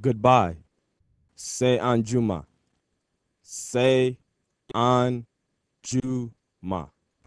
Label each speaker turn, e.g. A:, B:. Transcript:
A: goodbye. Say Anjuma. Say Anjuma.